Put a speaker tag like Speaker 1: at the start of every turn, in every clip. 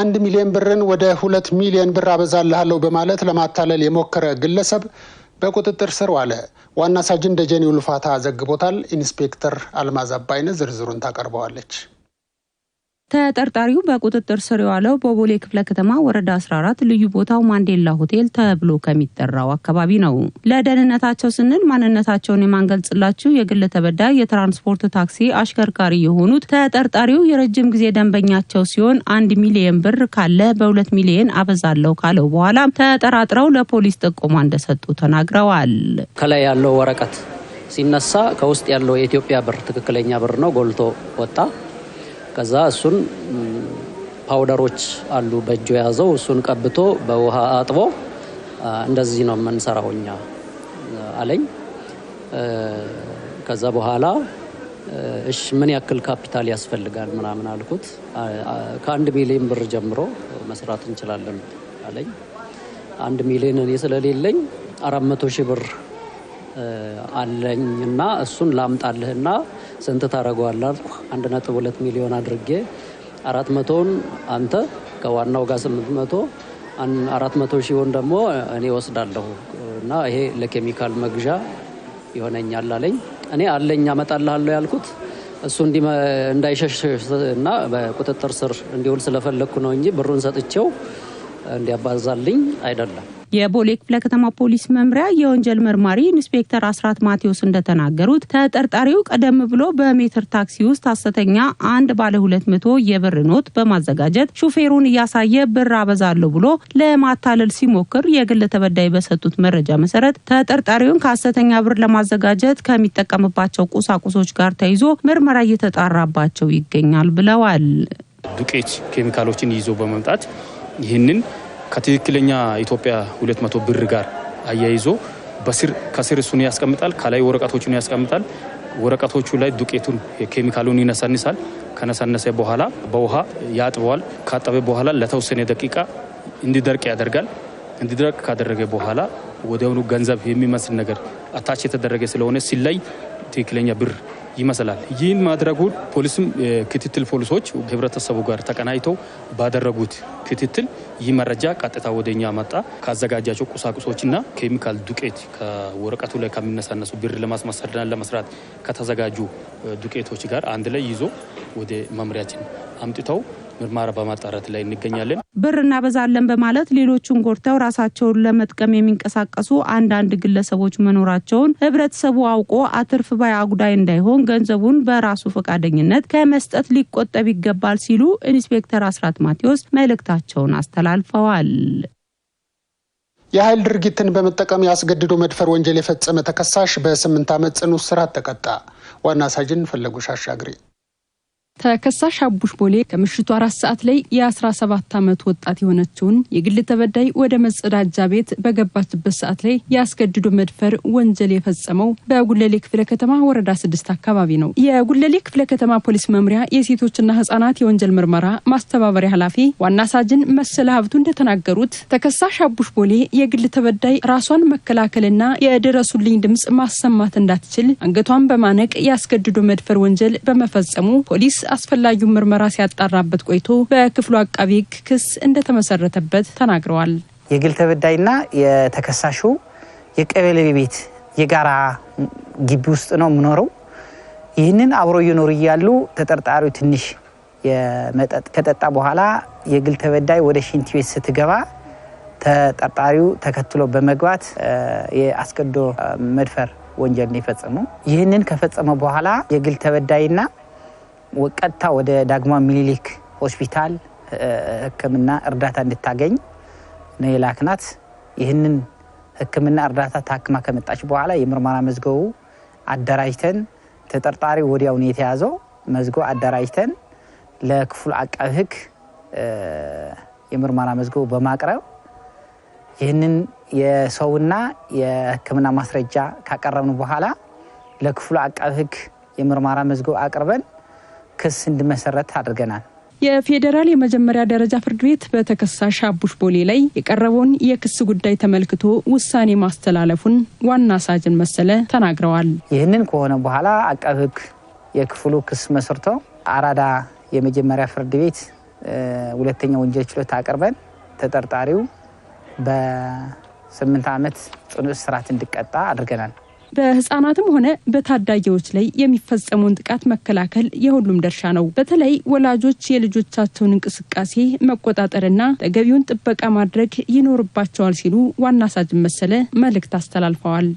Speaker 1: አንድ ሚሊዮን ብርን ወደ ሁለት ሚሊዮን ብር አበዛልሃለሁ በማለት ለማታለል የሞከረ ግለሰብ በቁጥጥር ስር ዋለ። ዋና ሳጅን ደጀኔ ውልፋታ ዘግቦታል። ኢንስፔክተር አልማዝ አባይነ ዝርዝሩን ታቀርበዋለች።
Speaker 2: ተጠርጣሪው በቁጥጥር ስር የዋለው በቦሌ ክፍለ ከተማ ወረዳ 14 ልዩ ቦታው ማንዴላ ሆቴል ተብሎ ከሚጠራው አካባቢ ነው። ለደህንነታቸው ስንል ማንነታቸውን የማንገልጽላችሁ የግል ተበዳይ የትራንስፖርት ታክሲ አሽከርካሪ የሆኑት ተጠርጣሪው የረጅም ጊዜ ደንበኛቸው ሲሆን አንድ ሚሊየን ብር ካለ በሁለት ሚሊየን አበዛለሁ ካለው በኋላ ተጠራጥረው ለፖሊስ ጥቆማ እንደሰጡ ተናግረዋል።
Speaker 3: ከላይ ያለው ወረቀት ሲነሳ ከውስጥ ያለው የኢትዮጵያ ብር ትክክለኛ ብር ነው ጎልቶ ወጣ። ከዛ እሱን ፓውደሮች አሉ በእጁ የያዘው እሱን ቀብቶ በውሃ አጥቦ እንደዚህ ነው የምንሰራው እኛ አለኝ። ከዛ በኋላ እሽ ምን ያክል ካፒታል ያስፈልጋል ምናምን አልኩት። ከአንድ ሚሊዮን ብር ጀምሮ መስራት እንችላለን አለኝ። አንድ ሚሊዮን እኔ ስለሌለኝ አራት መቶ ሺህ ብር አለኝና እሱን ላምጣልህና ስንት ታደርገዋለህ አልኩ። አንድ ነጥብ ሁለት ሚሊዮን አድርጌ አራት መቶውን አንተ ከዋናው ጋር ስምንት መቶ አራት መቶ ሺውን ደግሞ እኔ ወስዳለሁ እና ይሄ ለኬሚካል መግዣ ይሆነኛል አለኝ። እኔ አለኝ አመጣልሃለሁ ያልኩት እሱ እንዳይሸሽ እና በቁጥጥር ስር እንዲውል ስለፈለግኩ ነው እንጂ ብሩን ሰጥቼው እንዲያባዛልኝ አይደለም።
Speaker 2: የቦሌ ክፍለ ከተማ ፖሊስ መምሪያ የወንጀል መርማሪ ኢንስፔክተር አስራት ማቴዎስ እንደተናገሩት ተጠርጣሪው ቀደም ብሎ በሜትር ታክሲ ውስጥ ሐሰተኛ አንድ ባለ ሁለት መቶ የብር ኖት በማዘጋጀት ሹፌሩን እያሳየ ብር አበዛለሁ ብሎ ለማታለል ሲሞክር የግል ተበዳይ በሰጡት መረጃ መሰረት ተጠርጣሪውን ከሐሰተኛ ብር ለማዘጋጀት ከሚጠቀምባቸው ቁሳቁሶች ጋር ተይዞ ምርመራ እየተጣራባቸው ይገኛል ብለዋል።
Speaker 4: ዱቄት ኬሚካሎችን ይዞ በመምጣት ይህንን ከትክክለኛ ኢትዮጵያ 200 ብር ጋር አያይዞ በስር ከስር እሱን ያስቀምጣል፣ ከላይ ወረቀቶቹን ያስቀምጣል። ወረቀቶቹ ላይ ዱቄቱን ኬሚካሉን ይነሳንሳል። ከነሳነሰ በኋላ በውሃ ያጥበዋል። ካጠበ በኋላ ለተወሰነ ደቂቃ እንዲደርቅ ያደርጋል። እንዲደርቅ ካደረገ በኋላ ወዲያውኑ ገንዘብ የሚመስል ነገር አታች የተደረገ ስለሆነ ሲለይ ትክክለኛ ብር ይመስላል። ይህን ማድረጉ ፖሊስም ክትትል ፖሊሶች ህብረተሰቡ ጋር ተቀናይተው ባደረጉት ክትትል ይህ መረጃ ቀጥታ ወደኛ መጣ። ካዘጋጃቸው ቁሳቁሶችና ኬሚካል ዱቄት ከወረቀቱ ላይ ከሚነሳነሱ ብር ለማስመሰልና ለመስራት ከተዘጋጁ ዱቄቶች ጋር አንድ ላይ ይዞ ወደ መምሪያችን አምጥተው ምርመራ በማጣራት ላይ እንገኛለን።
Speaker 2: ብር እናበዛለን በማለት ሌሎቹን ጎድተው ራሳቸውን ለመጥቀም የሚንቀሳቀሱ አንዳንድ ግለሰቦች መኖራቸውን ህብረተሰቡ አውቆ አትርፍ ባይ አጉዳይ እንዳይሆን ገንዘቡን በራሱ ፈቃደኝነት ከመስጠት ሊቆጠብ ይገባል ሲሉ ኢንስፔክተር አስራት ማቴዎስ መልእክታቸውን አስተላልፈዋል።
Speaker 1: የኃይል ድርጊትን በመጠቀም ያስገድዶ መድፈር ወንጀል የፈጸመ ተከሳሽ በስምንት ዓመት ጽኑ እስራት ተቀጣ። ዋና ሳጅን ፈለጉ ሻሻግሬ
Speaker 2: ተከሳሽ አቡሽ ቦሌ ከምሽቱ አራት ሰዓት ላይ የ17 ዓመት ወጣት የሆነችውን የግል ተበዳይ ወደ መጸዳጃ ቤት በገባችበት ሰዓት ላይ ያስገድዶ መድፈር ወንጀል የፈጸመው በጉለሌ ክፍለ ከተማ ወረዳ ስድስት አካባቢ ነው። የጉለሌ ክፍለ ከተማ ፖሊስ መምሪያ የሴቶችና ህጻናት የወንጀል ምርመራ ማስተባበሪያ ኃላፊ ዋና ሳጅን መሰለ ሀብቱ እንደተናገሩት ተከሳሽ አቡሽ ቦሌ የግል ተበዳይ ራሷን መከላከልና የድረሱልኝ ድምፅ ማሰማት እንዳትችል አንገቷን በማነቅ ያስገድዶ መድፈር ወንጀል በመፈጸሙ ፖሊስ አስፈላጊውን ምርመራ ሲያጣራበት ቆይቶ በክፍሉ አቃቢ ሕግ ክስ እንደተመሰረተበት ተናግረዋል።
Speaker 3: የግል ተበዳይና የተከሳሹ የቀበሌ ቤት የጋራ ግቢ ውስጥ ነው የምኖረው። ይህንን አብሮ እየኖሩ እያሉ ተጠርጣሪው ትንሽ የመጠጥ ከጠጣ በኋላ የግል ተበዳይ ወደ ሽንት ቤት ስትገባ ተጠርጣሪው ተከትሎ በመግባት የአስገዶ መድፈር ወንጀል ነው የፈጸመው። ይህንን ከፈጸመ በኋላ የግል ተበዳይና ቀጥታ ወደ ዳግማ ሚኒሊክ ሆስፒታል ሕክምና እርዳታ እንድታገኝ ነው የላክናት። ይህንን ሕክምና እርዳታ ታክማ ከመጣች በኋላ የምርመራ መዝገቡ አደራጅተን ተጠርጣሪ ወዲያውን የተያዘው መዝገቡ አደራጅተን ለክፍሉ አቃቢ ሕግ የምርመራ መዝገቡ በማቅረብ ይህንን የሰውና የሕክምና ማስረጃ ካቀረብን በኋላ ለክፍሉ አቃቢ ሕግ የምርመራ መዝገቡ አቅርበን ክስ እንዲመሰረት አድርገናል።
Speaker 2: የፌዴራል የመጀመሪያ ደረጃ ፍርድ ቤት በተከሳሽ አቡሽ ቦሌ ላይ የቀረበውን የክስ ጉዳይ ተመልክቶ ውሳኔ ማስተላለፉን ዋና ሳጅን መሰለ ተናግረዋል።
Speaker 3: ይህንን ከሆነ በኋላ አቃቤ ሕግ የክፍሉ ክስ መስርቶ አራዳ የመጀመሪያ ፍርድ ቤት ሁለተኛ ወንጀል ችሎት አቅርበን ተጠርጣሪው በስምንት ዓመት ጽኑ እስራት እንዲቀጣ አድርገናል።
Speaker 2: በህጻናትም ሆነ በታዳጊዎች ላይ የሚፈጸመውን ጥቃት መከላከል የሁሉም ድርሻ ነው። በተለይ ወላጆች የልጆቻቸውን እንቅስቃሴ መቆጣጠርና ተገቢውን ጥበቃ ማድረግ ይኖርባቸዋል ሲሉ ዋና ሳጅን መሰለ መልእክት አስተላልፈዋል።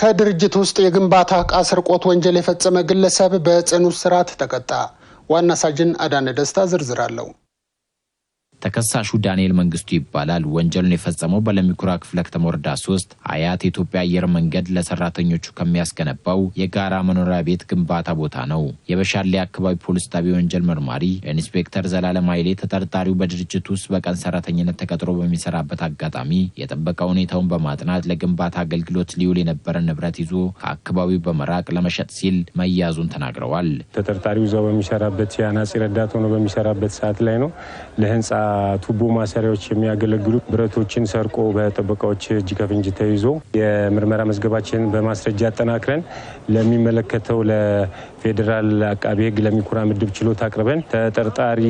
Speaker 1: ከድርጅት ውስጥ የግንባታ እቃ ስርቆት ወንጀል የፈጸመ ግለሰብ በጽኑ እስራት ተቀጣ። ዋና ሳጅን አዳነ ደስታ ዝርዝር አለው።
Speaker 5: ተከሳሹ ዳንኤል መንግስቱ ይባላል። ወንጀሉን የፈጸመው በለሚኩራ ክፍለ ከተማ ወረዳ ሶስት አያት የኢትዮጵያ አየር መንገድ ለሰራተኞቹ ከሚያስገነባው የጋራ መኖሪያ ቤት ግንባታ ቦታ ነው። የበሻሌ አካባቢ ፖሊስ ጣቢያ ወንጀል መርማሪ ኢንስፔክተር ዘላለም ኃይሌ ተጠርጣሪው በድርጅት ውስጥ በቀን ሰራተኝነት ተቀጥሮ በሚሰራበት አጋጣሚ የጥበቃ ሁኔታውን በማጥናት ለግንባታ አገልግሎት ሊውል የነበረ ንብረት ይዞ ከአካባቢው በመራቅ ለመሸጥ ሲል መያዙን ተናግረዋል።
Speaker 6: ተጠርጣሪው እዛው በሚሰራበት የአናጺ ረዳት ሆኖ በሚሰራበት ሰዓት ላይ ነው ለህንፃ ቱቦ ማሰሪያዎች የሚያገለግሉ ብረቶችን ሰርቆ በጥበቃዎች እጅ ከፍንጅ ተይዞ የምርመራ መዝገባችንን በማስረጃ አጠናክረን ለሚመለከተው ለፌዴራል አቃቢ ሕግ ለሚኩራ ምድብ ችሎት አቅርበን ተጠርጣሪ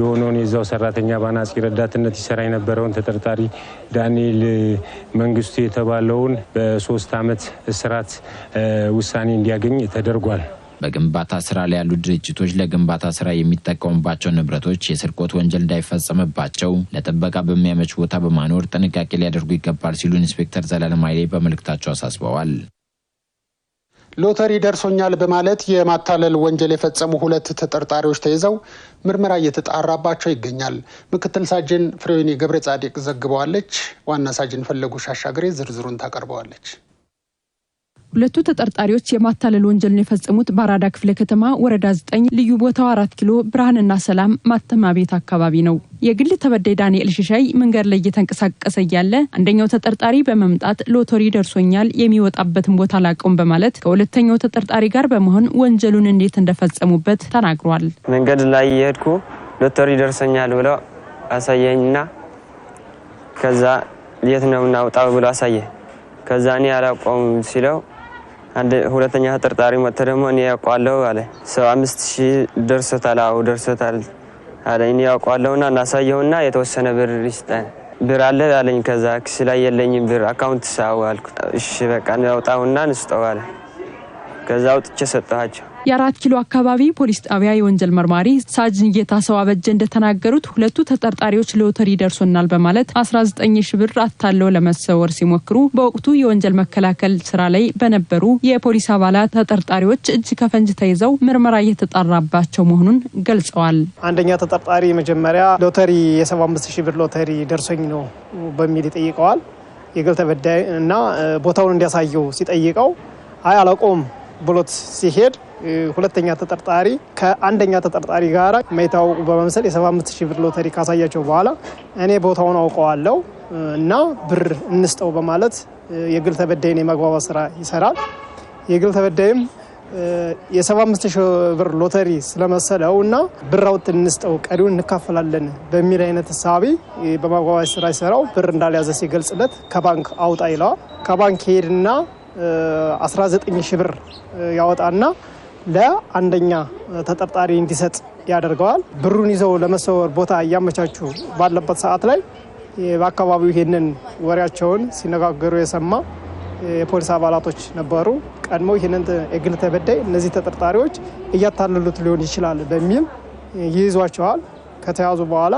Speaker 6: የሆነውን የዛው ሰራተኛ በአናጺ ረዳትነት ይሰራ የነበረውን ተጠርጣሪ ዳንኤል መንግስቱ የተባለውን በሶስት አመት እስራት ውሳኔ እንዲያገኝ ተደርጓል።
Speaker 5: በግንባታ ስራ ላይ ያሉ ድርጅቶች ለግንባታ ስራ የሚጠቀሙባቸው ንብረቶች የስርቆት ወንጀል እንዳይፈጸምባቸው ለጥበቃ በሚያመች ቦታ በማኖር ጥንቃቄ ሊያደርጉ ይገባል ሲሉ ኢንስፔክተር ዘላለም ኃይሌ በመልእክታቸው አሳስበዋል።
Speaker 1: ሎተሪ ደርሶኛል በማለት የማታለል ወንጀል የፈጸሙ ሁለት ተጠርጣሪዎች ተይዘው ምርመራ እየተጣራባቸው ይገኛል። ምክትል ሳጅን ፍሬዌኒ ገብረ ጻዲቅ ዘግበዋለች። ዋና ሳጅን ፈለጉ ሻሻግሬ ዝርዝሩን ታቀርበዋለች።
Speaker 2: ሁለቱ ተጠርጣሪዎች የማታለል ወንጀልን የፈጸሙት በአራዳ ክፍለ ከተማ ወረዳ 9 ልዩ ቦታው አራት ኪሎ ብርሃንና ሰላም ማተሚያ ቤት አካባቢ ነው። የግል ተበዳይ ዳንኤል ሽሻይ መንገድ ላይ እየተንቀሳቀሰ እያለ አንደኛው ተጠርጣሪ በመምጣት ሎተሪ ደርሶኛል የሚወጣበትን ቦታ አላውቀውም በማለት ከሁለተኛው ተጠርጣሪ ጋር በመሆን ወንጀሉን እንዴት እንደፈጸሙበት ተናግሯል።
Speaker 7: መንገድ ላይ የሄድኩ ሎተሪ ደርሶኛል ብሎ አሳየኝና ከዛ የት ነው እናውጣው ብሎ አሳየ። ከዛ እኔ አላውቀውም ሲለው አንድ ሁለተኛ ተጠርጣሪ መጥተ ደግሞ እኔ ያውቋለሁ አለ። ሰው አምስት ሺህ ደርሶታል። አዎ ደርሶታል አለ። እኔ ያውቋለሁና እናሳየውና የተወሰነ ብር ይስጠን ብር አለ አለኝ። ከዛ ክስ ላይ የለኝም ብር አካውንት ሳው አልኩት። እሺ በቃ እናውጣውና እንስጠው አለ። ከዛ አውጥቼ ሰጠኋቸው።
Speaker 2: የአራት ኪሎ አካባቢ ፖሊስ ጣቢያ የወንጀል መርማሪ ሳጅን ጌታ ሰው አበጀ እንደተናገሩት ሁለቱ ተጠርጣሪዎች ሎተሪ ደርሶናል በማለት 19 ሺ ብር አታለው ለመሰወር ሲሞክሩ በወቅቱ የወንጀል መከላከል ስራ ላይ በነበሩ የፖሊስ አባላት ተጠርጣሪዎች እጅ ከፈንጅ ተይዘው ምርመራ እየተጣራባቸው መሆኑን ገልጸዋል።
Speaker 8: አንደኛ ተጠርጣሪ መጀመሪያ ሎተሪ የ75 ሺ ብር ሎተሪ ደርሶኝ ነው በሚል ይጠይቀዋል። የግል ተበዳይ እና ቦታውን እንዲያሳየው ሲጠይቀው አይ አላውቀውም ብሎት ሲሄድ ሁለተኛ ተጠርጣሪ ከአንደኛ ተጠርጣሪ ጋር የማይታወቁ በመምሰል የ75 ሺህ ብር ሎተሪ ካሳያቸው በኋላ እኔ ቦታውን አውቀዋለሁ እና ብር እንስጠው በማለት የግል ተበዳይን የማግባባት ስራ ይሰራል። የግል ተበዳይም የ75 ሺህ ብር ሎተሪ ስለመሰለው እና ብር አውጥ እንስጠው ቀሪውን እንካፈላለን በሚል አይነት ሳቢ በማጓጓዝ ስራ ይሰራው ብር እንዳልያዘ ሲገልጽለት ከባንክ አውጣ ይለዋል። ከባንክ ሄድና 19 ሺ ብር ያወጣና ለአንደኛ ተጠርጣሪ እንዲሰጥ ያደርገዋል። ብሩን ይዘው ለመሰወር ቦታ እያመቻቹ ባለበት ሰዓት ላይ በአካባቢው ይህንን ወሬያቸውን ሲነጋገሩ የሰማ የፖሊስ አባላቶች ነበሩ። ቀድሞ ይህንን የግል ተበዳይ እነዚህ ተጠርጣሪዎች እያታለሉት ሊሆን ይችላል በሚል ይይዟቸዋል። ከተያዙ በኋላ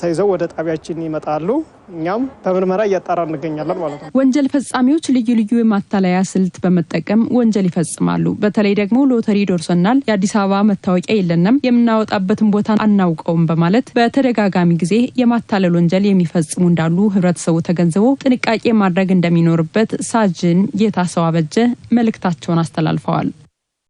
Speaker 8: ተይዘው ወደ ጣቢያችን ይመጣሉ። እኛም በምርመራ እያጣራ እንገኛለን ማለት ነው።
Speaker 2: ወንጀል ፈጻሚዎች ልዩ ልዩ የማታለያ ስልት በመጠቀም ወንጀል ይፈጽማሉ። በተለይ ደግሞ ሎተሪ ደርሶናል፣ የአዲስ አበባ መታወቂያ የለንም፣ የምናወጣበትን ቦታ አናውቀውም በማለት በተደጋጋሚ ጊዜ የማታለል ወንጀል የሚፈጽሙ እንዳሉ ህብረተሰቡ ተገንዝቦ ጥንቃቄ ማድረግ እንደሚኖርበት ሳጅን ጌታሰው አበጀ መልእክታቸውን አስተላልፈዋል።